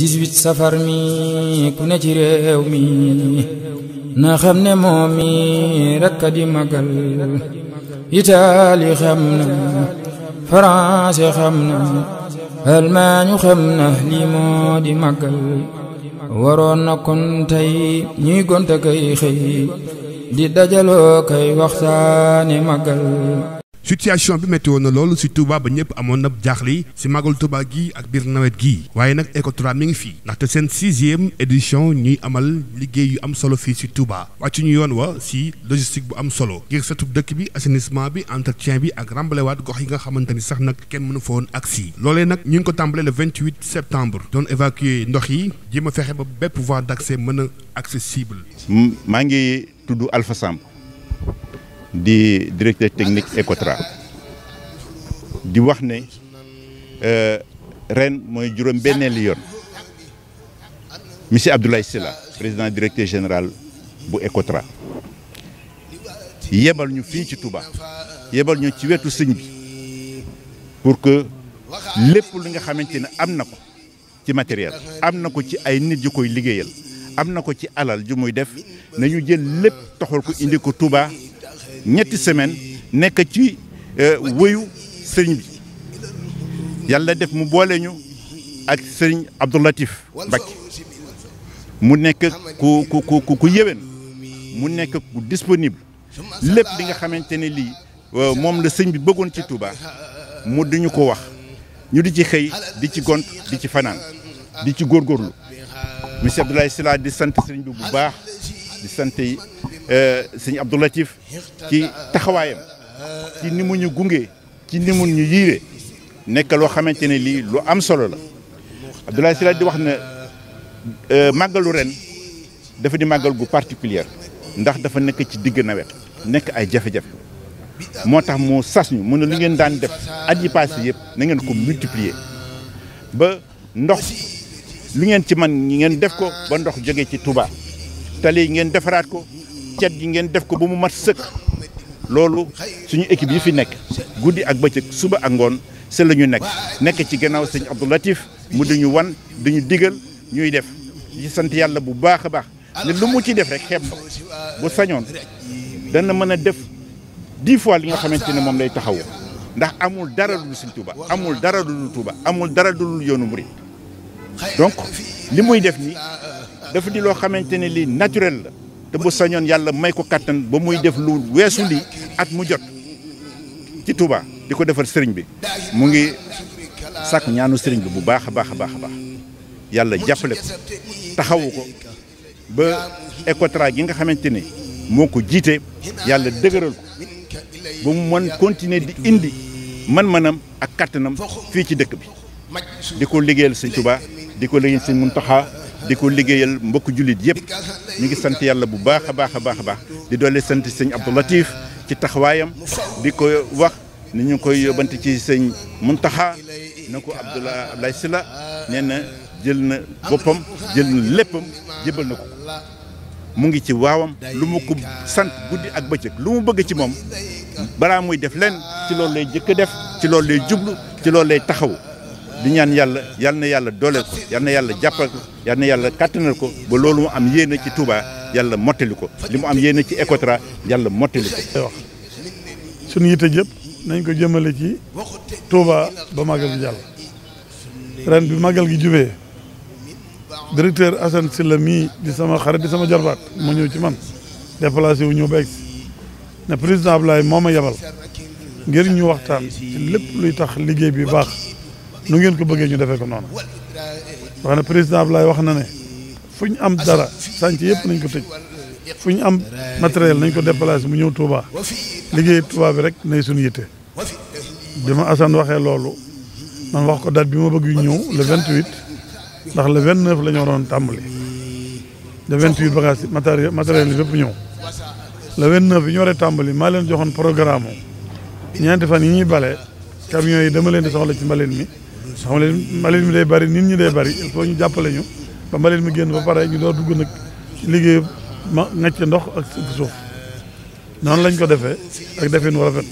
18 safar mi ku ne ci réew mi na xam ne moom mi rakk di magal Italie xam na France xam na Allemagne xam na lii moo di magal waroon na kon tey ñuy gonta kay xëy di dajaloo kay waxtaane magal situation bi métti woon na loolu si Touba ba ñëpp amoon na jaaxle si magul Touba gii ak biir nawet gii waaye nag Ecotra mi ngi fii ndaxte seen sixième édition ñuy amal liggéey yu am solo fii si Touba wàccu ñu yoon wa si logistique bu am solo ngir satub dëkk bi assainissement bi entretien bi ak rembalewaat gox yi nga xamante ni sax nag kenn mënu fa woon ak si loolee nag ñu ngi ko tàmbale le 28 septembre doon évacuer ndox yi jéem a fexe ba bépp voie d'accès mën a accessible maa ngi tudd Alpha Samb di directeur technique Ecotra di wax ne euh, ren mooy juróom benneelu yoon monsieur Abdoulaye Sylla président directeur général bu Ecotra yebal ñu fii ci Touba yebal ñu ci wetu sëñ bi pour que lépp li nga xamante ne am na ko ci matériel am na ko ci ay nit yu liggéeyal am na ko ci alal ju muy def nañu jël lépp toxal ko indi ko Touba ñetti semaine nekk ci euh, wëyu sëriñ bi yàlla def mu boole ak sëriñ Abdoulatif Mbacké mu nekk ku ku ku ku yéwén mu nekk ku disponible lépp li nga xamante ne lii euh, moom la sëñ bi bëggoon ci Touba mu duñu ko wax ñu di ci xëy di ci gont di ci fanaan di ci góor góorlu monsieur Abdoulaye Sylla di sant sëriñ bi bu baax di sant yi Euh, sëñ Abdou Latif ci taxawaayam ci ni mu gunge ci ni ñu yiire nekk loo xamante ne lii lu am solo la Abdoulaye Sylla di wax na euh, màggalu ren dafa di màggal gu particulier ndax dafa nekk ci digg nawet nekk ay jafe-jafe moo tax mu sas ñu mu ne lu ngeen daan def at yi passé yëpp na ko multiplier ba ndox lu ngeen ci man ngeen def ko ba ndox jógee ci Touba tali ngeen defaraat ko cet gi ngeen def ko ba mu mat sëkk loolu suñu équipe yi fi nekk guddi ak bëccëg suba ak ngoon se la ñu nekk nekk ci gannaaw sëñ Abdou Latif mu duñu wan duñu digal ñuy def ci sant yàlla bu baax a baax ne lu mu ci def rek xeeb na bu sañoon dana mën a def di fois li nga xamante ne moom lay taxawu ndax amul dara lu sëñ Touba amul dara lu Touba amul dara lu yoonu murid donc li muy def nii dafa di loo xamante ne lii naturel la te bu sañoon yàlla may ko kattan ba muy def lu weesu li at mu jot ci Touba di ko defal sëriñ bi mu ngi sàkku ñaanu sëriñ bi bu baax a baax a baax a yàlla jàppale ko taxawu ko ba Ecotra gi nga xamante ni moo ko jiitee yàlla dëgëral ko ba mu mën continuer di indi man-manam ak kattanam fii ci dëkk bi di ko liggéeyal sëñ Touba di ko liggéeyal sëñ taxa di ko liggéeyal mbokk jullit yëpp ñu ngi sant yàlla bu baax a baax a baax a baax di doole sant sëñ Abdou Latif ci taxawaayam di ko wax ni ñu koy yóbbante ci sëñ Muntaxa na ko Abdoulaye Abdoulaye Sylla nee na jël na boppam jël na léppam jébal na ko mu ngi ci waawam lu mu ko sant guddi ak bëccëg lu mu bëgg ci moom balaa muy def lenn ci loolu lay jëkk def ci loolu lay jublu ci loolu lay taxaw di ñaan yàlla yal na yàlla dooleel ko yàlla jàppal ko yàlla kàttanal ko ba loolu mu am yéene ci Touba yàlla mottali ko li mu am yéene ci Ecotra yàlla mottali ko. wax sunu yitte jëpp nañ ko jëmale ci Touba ba màggal gi jàll ren bi màggal gi jubee directeur Assane Sylla mii di sama xarit di sama jarbaat mu ñëw ci man déplacé wu ñëw ba ne président Ablaye moo ma yebal ngir ñu waxtaan ci lépp luy tax liggéey bi baax. nu ngeen ko bëggee ñu defee ko noonu wax na président lay wax na ne fu ñu am dara sànc yëpp nañ ko tëj fu ñu am matériel nañ ko déplacé mu ñëw Touba liggéey Touba bi rek nay suñu yitte bi ma Assane waxee loolu man wax ko date bi ma bëgg yu ñëw le 28 ndax la 29 la lañu waroon tàmbali le 28 bagage matériel matériel yi bépp ñëw la 29 yi ñu war a tàmbali maa leen joxoon programme ñeenti fan yi ñuy bale camion yi dama leen di soxla ci mbaleen mi xam nga mbalit mi day bari nit ñi day bari il faut ñu jàppale ñu ba mbalit mi génn ba pare ñu door dugg nag liggéey ma ngacc ndox ak suuf noonu lañ ko defee ak defin wu rafet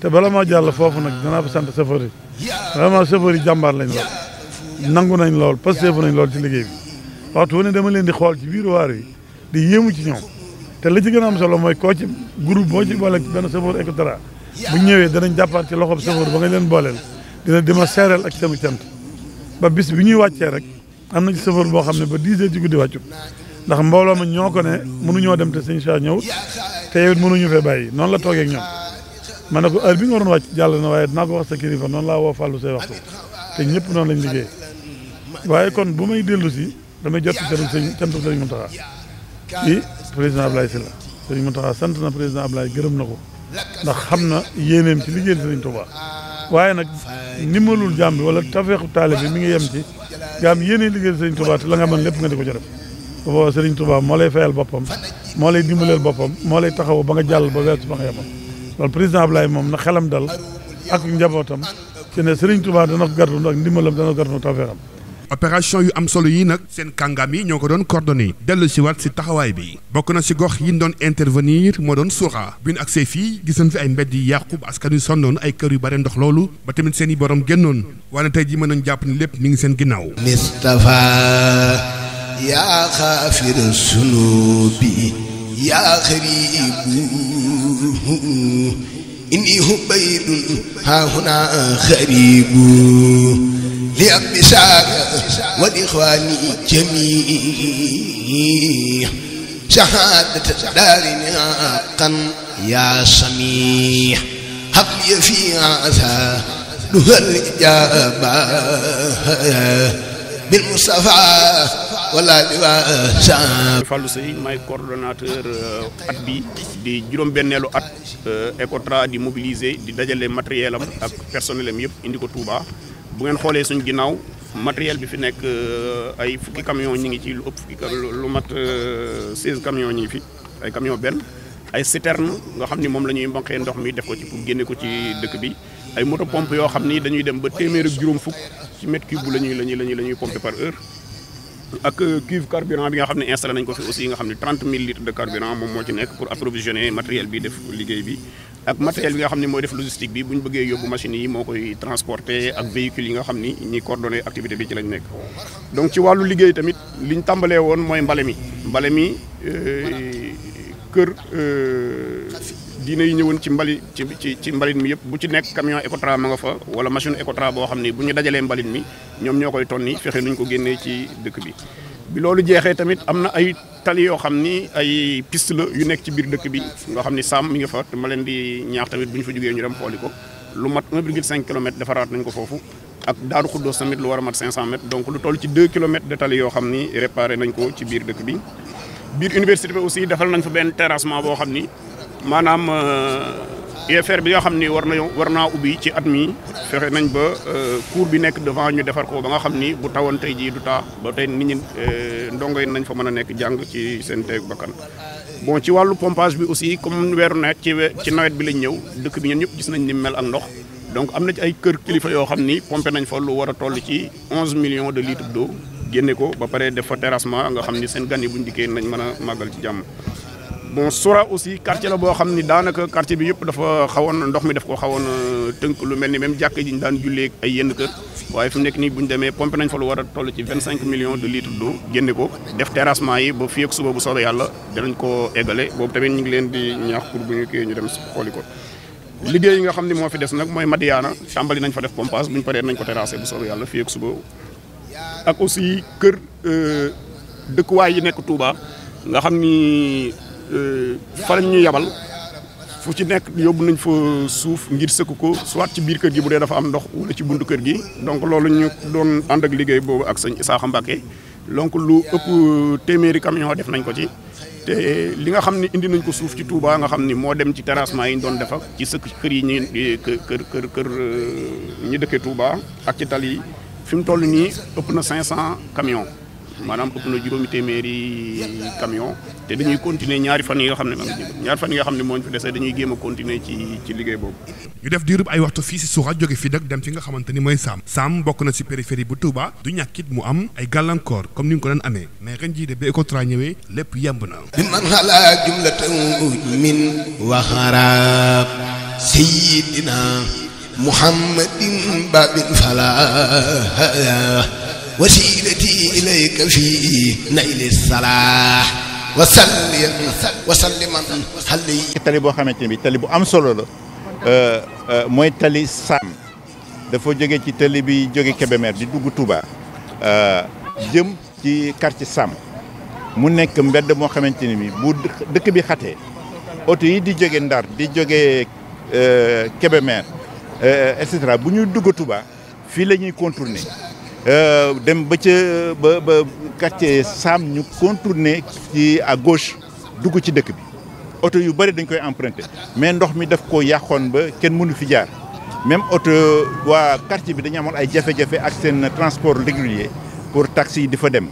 te bala maa jàll foofu nag danaa fa sant chauffeur yi vraiment chauffeur yi jàmbaar lañ lool nangu nañ lool pasteefu nañ lool ci liggéey bi waxtu wu ne dama leen di xool ci biir waar yi di yéemu ci ñoom te la ci gën a am solo mooy koo ci groupe boo ci boole benn chauffeur Ecotra bu ñëwee danañ jàppaat ci loxob chauffeur ba nga leen booleel dina ma seereel ak sama cant ba bis bi ñuy wàccee rek am na ci sëfoor boo xam ne ba 10 heures ci guddi wàccut ndax mbooloo ma ñoo ko ne mënuñoo dem te sëñ Cheikh ñëwut te yow it mënuñu fee bàyyi noonu la toogee ak ñoom ma ne ko heure bi nga waroon wàcc jàll na waaye dinaa ko wax sa kilifa noonu laa woo fàllu say waxtu te ñëpp noonu lañ liggéey waaye kon bu may dellu si damay jot seen sëñ cantu sëñ Mountakha ci président Ablaye Sylla sëñ Mountakha sant na président Ablaye gërëm na ko ndax xam na yéeneem ci liggéeyal sëñ Touba waaye nag ndimbalul jàmm bi wala tafeexu taale bi mi ngi yem ci nga am yéene liggéey Serigne Touba te la nga lépp nga di ko ca def bu boobaa Serigne Touba moo lay fayal boppam moo lay dimbaleel boppam moo lay taxaw ba nga jàll ba weesu ba yema yemoon loolu président Ablaye moom na xelam dal ak njabootam ci ne Serigne dana ko gàttandu ak ndimbalam dana ko gàttandu tafeexam opération yu am solo yi nag seen kàngam yi ñoo ko doon coordonné dellu si waat si taxawaay bi bokk na si gox yi doon intervenir moo doon suuxa bi ñu agsee fii gis nañ fi ay mbedd yi yàqu ba askan wi sonnoon ay kër yu bare ndox loolu ba tamit seeni i borom génnoon waaye tey ji mën nañ jàpp ni lépp mi ngi seen ginnaaw Mustafa yaa xaafir sunubi yaa xaribu inni hubaydun haahuna xaribu لأبي ساقة والإخوان جميع شهادة دارنا قن يا سميع هب لي في عسى دها الإجابة بالمصطفى wala di waa Fallou Seye maay coordonnateur euh, at bi di juróom-benneelu at euh, Ecotra di mobiliser di dajale matériel ak personnel am yëpp indi ko Touba bu ngeen xoolee suñ ginnaaw matériel bi fi nekk euh, ay fukki camion ñi ngi ci lu ëpp fukki lu mat 16 euh, camions ñi ngi fi ay camion benn ay citerne nga xam ni moom la ñuy mboqee ndox mi def ko ci pour génne ko ci dëkk bi ay moto pompe yoo xam ni dañuy dem ba téeméer ak juróom fukk ci mètre cube la ñuy la ñuy la ñuy pomper par heure ak euh, cuve carburant bi nga xam ne installé nañ ko fi aussi nga xam ne 30 000 litres de carburant moom moo ci nekk pour approvisionner matériel bi def liggéey bi ak matériel bi nga xam ne mooy def logistique bi bu ñu bëggee yóbbu machines yi moo koy transporter ak véhicules yi nga xam ni ñi coordonné activité bi ci lañ nekk. donc ci wàllu liggéey tamit li ñu tàmbalee woon mooy mbale mi mbale mi euh, kër euh, dina yi ñëwoon ci mbali ci ci ci mbalit mi yëpp bu ci nekk camion Ecotra ma nga fa wala machine Ecotra boo xam ni bu ñu dajalee mbalit mi ñoom ñoo koy ton tonni fexe ñu ko génnee ci dëkk bi. bi loolu jeexee tamit am na ay tali yoo xam ni ay piste yu nekk ci biir dëkk bi yoo xam ni sàmm mi nga fa ma leen di ñaax tamit bu ñu fa jógee ñu dem xooli ko lu mat 1,5 kilomètre defaraat nañ ko foofu ak Daaru Xuddoos tamit lu war a mat 500 mètres donc lu toll ci 2 kilomètres de tali yoo xam ni réparé nañ ko ci biir dëkk bi biir université bi aussi defal nañ fa benn terrassement boo xam ni maanaam euh, UFR bi nga xam ni war nañoo war naa ubbi ci at mi fexe nañ ba euh, cours bi nekk devant ñu defar ko ba nga xam ni bu tawoon tey jii du taa ba tey nit ñi euh, ndongo yi nañ fa mën a nekk jàng ci seen teeg bakkan bon ci wàllu pompage bi aussi comme weeru nawet ci ci nawet bi lañ ñëw dëkk bi ñun ñëpp gis nañ ni mel ak ndox donc am na ci ay kër kilifa yoo xam ni pompé nañ fa lu war a toll ci 11 million de litres d'eau génne ko ba pare def fa terrassement nga xam ni seen gan yi buñ nañ mën a màggal ci jàmm bon Soura aussi quartier la boo xam ni daanaka quartier bi yëpp dafa xawoon ndox mi daf koo xawoon euh, tënk lu mel ni même jàkk ji daan jullee ay yenn kër waaye fi nekk nii bu ñu demee pompé nañ fa lu war a toll ci vingt cinq millions de litres d'eau génne ko def terrassement yi ba fii ak suba bu soobee yàlla danañ koo eggale boobu tamit ñu ngi leen di ñaax pour bu ñu kii ñu dem xooli ko liggéey yi nga xam ne moo fi des nag mooy Madiana tàmbali nañ fa def euh, yi nekk Touba nga Euh, fan lañ ñu yabal fu ci nekk yóbbu nañ fa suuf ngir sëkk ko soit ci biir kër gi bu dee dafa am ndox wala ci buntu kër gi donc loolu ñu doon ànd ak liggéey boobu ak sëñ Isaaxa Mbàkke donc lu ëpp téeméeri camion def nañ ko ci te li nga xam ni indi nañ ko suuf ci Touba nga xam ni moo dem ci terrassement yi ñu doon def ci sëkk kër yi ñu kër kër kër euh, ñu dëkkee Touba ak ci tali yi fi mu toll nii ëpp na cinq 500 camions. maanaam ëpp na juróomi téeméeri camion te dañuy continuer ñaari fan yi nga xam ne ñaari fan yi nga xam ne moom ñu fi dese dañuy géem a continuer ci ci liggéey boobu ñu def diirub ay waxtu fii si suuxa jóge fii nag dem fi nga xamante ne mooy saam saam bokk na si périphérie bu Touba du ñàkkit mu am ay gàllankoor comme ni nga ko daan amee mais ren jii de ba Ecotra ñëwee lépp yemb na bi man xalaa jumlatan min waxaraab sayyidina muhammadin وسيلتي إليك في نيل الصلاح وسلم وسلم علي tali boo xamante ne bi tali bu am solo la euh, euh, mooy tali Sam dafa jóge ci tali bi jóge Kébémer di dugg Touba euh, jëm ci quartier Sam mu nekk mbedd moo xamante ni bi bu dëkk bi xatee oto yi di jóge Ndar di jóge Kébémer et cetera bu ñuy dugg Touba fii la ñuy contourner Euh, dem ba ca ba ba quartier Sam ñu contourner ci à gauche dugg ci dëkk bi oto yu bëri dañ koy emprunté mais ndox mi def ko yàqoon ba kenn mënu fi jaar même oto waa quartier bi dañu amoon ay jafe-jafe ak seen transport régulier pour tax yi di fa dem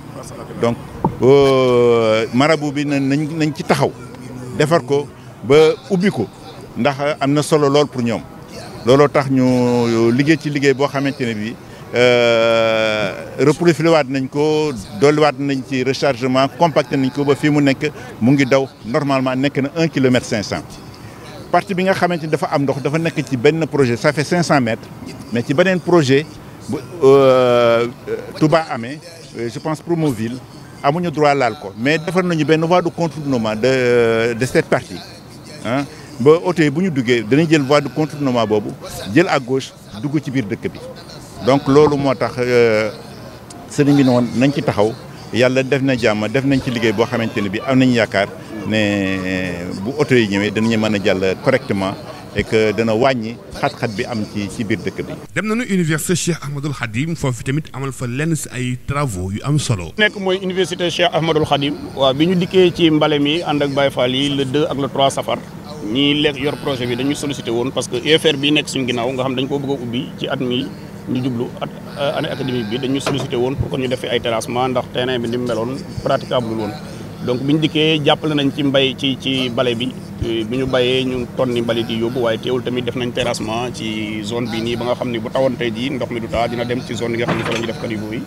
donc euh, marabu bi na nañ nañ ci taxaw defar ko ba ubbi ko ndax am na solo lool pour ñoom looloo tax ñu liggéey ci liggéey boo xamante ne bii Euh, reprofilé waat nañ ko dolliwaat nañ ci rechargement compacté nañ ko ba fii mu nekk mu ngi daw normalement nekk na un kilomètre cinq cent partie bi nga xamante ni dafa am ndox dafa nekk ci benn projet ça fait cinq mais ci beneen projet bu euh, euh, Touba amee je pense Promoville amuñu droit laal ko mais defar nañu benn voie de contournement de de cette partie ah ba oto yi bu ñu duggee danañ jël voie de contournement boobu jël à gauche dugg ci biir dëkk bi donc loolu moo tax euh, sëriñ bi noonu nañ ci taxaw yàlla def na jàmm def nañ ci liggéey boo xamante ne bi am nañ yaakaar ne euh, bu oto yi ñëwee danañu mën a jàll correctement et que dana wàññi xat-xat bi am ci ci biir dëkk bi. dem nañu université Cheikh Ahmadoul Khadim foofu tamit amal fa lenn si ay travaux yu am solo. nekk mooy université Cheikh Ahmadoul Khadim. waaw bi ñu dikkee ci mbale mi ànd ak Baye Fall yi le 2 ak le 3 safar. ñii lekk yor projet bi dañu sollicité woon parce que UFR bi nekk suñu ginnaaw nga xam dañ koo bëgg a ubbi ci at mi ñu jublu euh, année académique bi dañu sollicité woon pour que ñu defee ay terrassement ndax terrain bi ni mu meloon praticable woon donc bi ñu dikkee jàppale nañ ci mbay ci ci bale bi euh, bi ñu bayee ñu tonni mbalit di yóbbu waaye teewul tamit def nañ terrassement ci zone bi nii ba nga xam ne bu tawoon tey jii ndox mi du taa dina dem ci zone bi nga xam ne fa la ñu def caniveau yi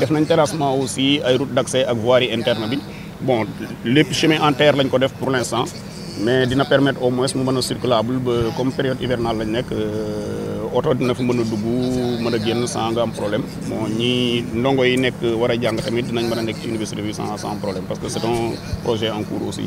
def nañ terrassement aussi ay route d'accès ak voirie interne bi bon lépp chemin en terre lañ ko def pour l'instant mais dina permettre au moins mu mën a circulable ba oto dina fi mën a dugg mën a génn sans nga am problème bon ñi ndongo yi nekk war a jàng tamit dinañ mën a nekk ci université bi sans sans problème parce que c'est un projet en cours aussi.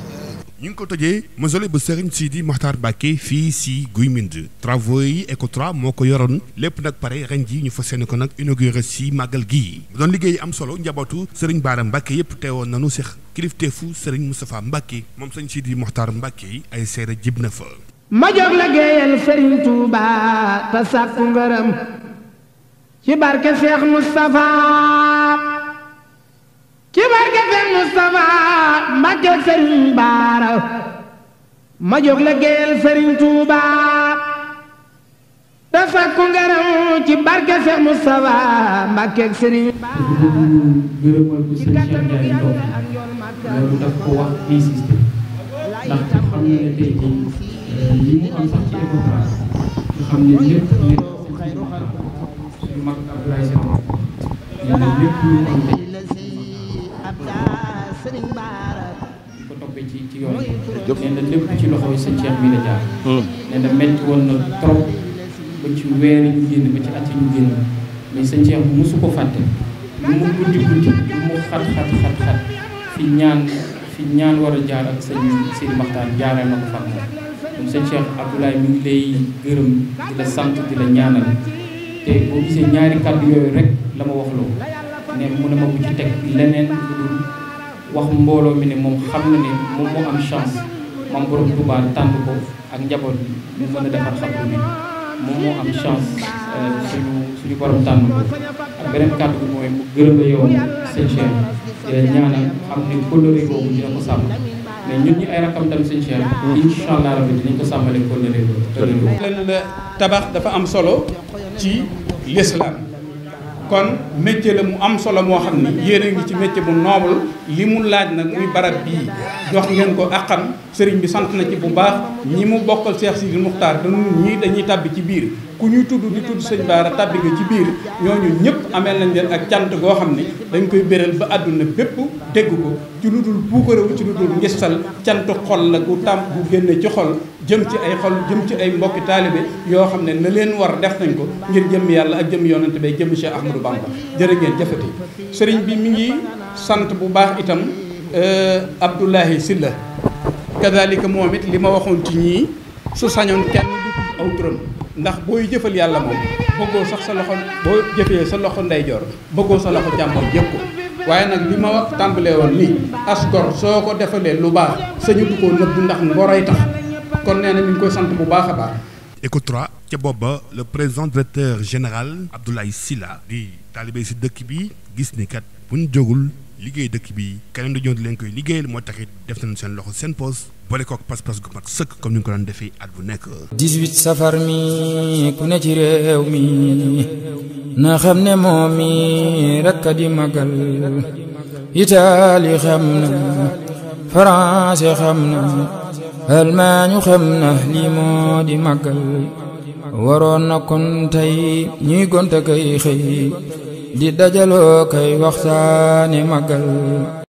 ñu ngi ko tojee mausolée bu Serigne Sidi Makhtar Mbacké fii si Guy Mbind travaux yi ECOTRA moo ko yoroon lépp nag pare ren ji ñu fa yéene ko nag inauguré si màggal gii doon liggéey am solo njabootu Serigne Bara Mbacké yëpp teewoon nanu seex kilifteefu Serigne Moustapha Mbacké moom Serigne Sidi Makhtar Mbacké ay seere jib na fa ma jóg la géeyal sëriñ Tuuba te sàkku ngërëm ci barke Cheikh Moustapha ci barke Cheikh Moustapha mbàkkeeg sëriñ Baara li mu am sax ci écotrace nga lépp ci ci yoon nee na ci loxo sëñ Cheikh bi la jaar nee metti woon na trop ba ci weer ñu génn ba ci at ñu génn mais sëñ Cheikh bu mosu ko fàtte lu mu guddi guddi lu mu xat xat xat fi ñaan fi ñaan war a jaar ak sëñ Maxtaan jaaree na ko fàtte sëñ Cheikh Abdoulaye mi ngi lay gërëm di la sant di la ñaanal te boo gisee ñaari kàddu yooyu rek la ma waxloo ne mu ne ma bu ci teg leneen lu dul wax mbooloo mi ne moom xam na ne moom moo am chance moom borom ak njaboot bi mu mën a defar xabru bi moom am chance euh, suñu suñu borom tànn ko ak beneen kàddu bi mooy mu gërëm la yow sëñ di la ñaanal xam ne kóllëre boobu dina ko sàmm mais ñun ñi ay rakam tam sëñ Cheikh incha allah rabbi dinañ ko sàmmale ko leen la tabax dafa am solo ci l'islam kon métier la mu am solo moo xam ni yéen a ngi ci métier bu noble li mu laaj nag muy barab bii jox ngeen ko àqam sëriñ bi sant na ci bu baax ñi mu bokkal si Sidi Muxtaar dañu ñii dañuy tàbbi ci biir ku ñuy tudd di tudd sëñ Baara tàbbi nga ci biir ñooñu ñëpp amee nañ leen ak cant goo xam ne dañ koy béral ba àdduna bépp dégg ko ci lu dul buukarewu ci lu dul ngistal cantu xol la gu tàm bu génne ci xol jëm ci ay xol jëm ci ay mbokki taalibe yoo xam ne na leen war def nañ ko ngir jëm yàlla ak jëm yonante bay jëm Cheikh Ahmadou Bamba jërë ngeen jëfati sëriñ bi mu ngi sant bu baax itam euh, Abdoulahi Sylla kadalika moom it li ma waxoon ci ñii su sañoon kenn du ndax booy jëfal yàlla moom bëggoo sax sa loxo boo jëfee sa loxo ndeyjoor bëggoo sa loxo càmmoñ jëf ko waaye nag li ma wax tàmbalee woon nii soo ko defalee lu baax sañu du ko nëbbu ndax ngoray tax kon nee ñu ngi koy sant bu baax a baax. ECOTRA ca booba le président directeur général Abdoulaye Sylla di taalibe si dëkk bi gis ni kat bu ñu jógul liggéey dëkk bi keneen dañoo di leen koy liggéeyal moo taxit def nañu seen loxo seen poos boole kook pas-pas gu mat sëkk comme ni nga ko doon defee at bu nekk. 18 safar mi ku ne ci réew mi na xam ne moom mi rek a di magal Italie xam na France xam na Allemagne xam na lii moo di magal waroon na kon tey ñuy gonta kay xëy di dajaloo kay waxtaane magal.